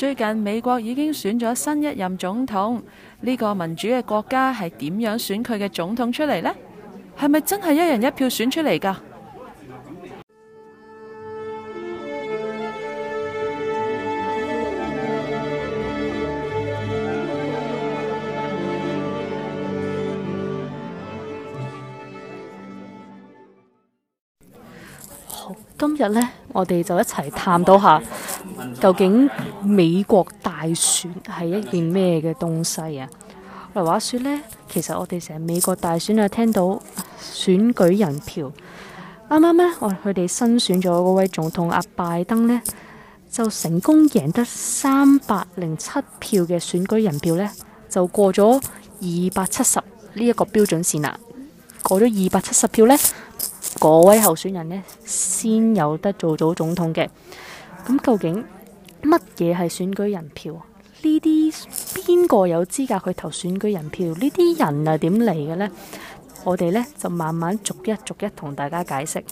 最近美國已經選咗新一任總統，呢個民主嘅國家係點樣選佢嘅總統出嚟呢？係咪真係一人一票選出嚟噶？好，今日呢，我哋就一齊探討下。究竟美國大選係一件咩嘅東西啊？嚟話說呢，其實我哋成日美國大選啊，聽到選舉人票，啱啱呢，哦，佢哋新選咗嗰位總統阿、啊、拜登呢，就成功贏得三百零七票嘅選舉人票呢，就過咗二百七十呢一個標準線啦。過咗二百七十票呢，嗰位候選人呢，先有得做到總統嘅。咁究竟乜嘢係選舉人票？呢啲邊個有資格去投選舉人票？呢啲人係點嚟嘅呢？我哋呢就慢慢逐一逐一同大家解釋。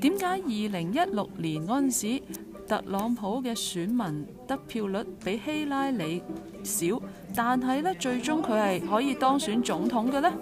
點解二零一六年嗰陣時，特朗普嘅選民得票率比希拉里少，但係呢最終佢係可以當選總統嘅呢？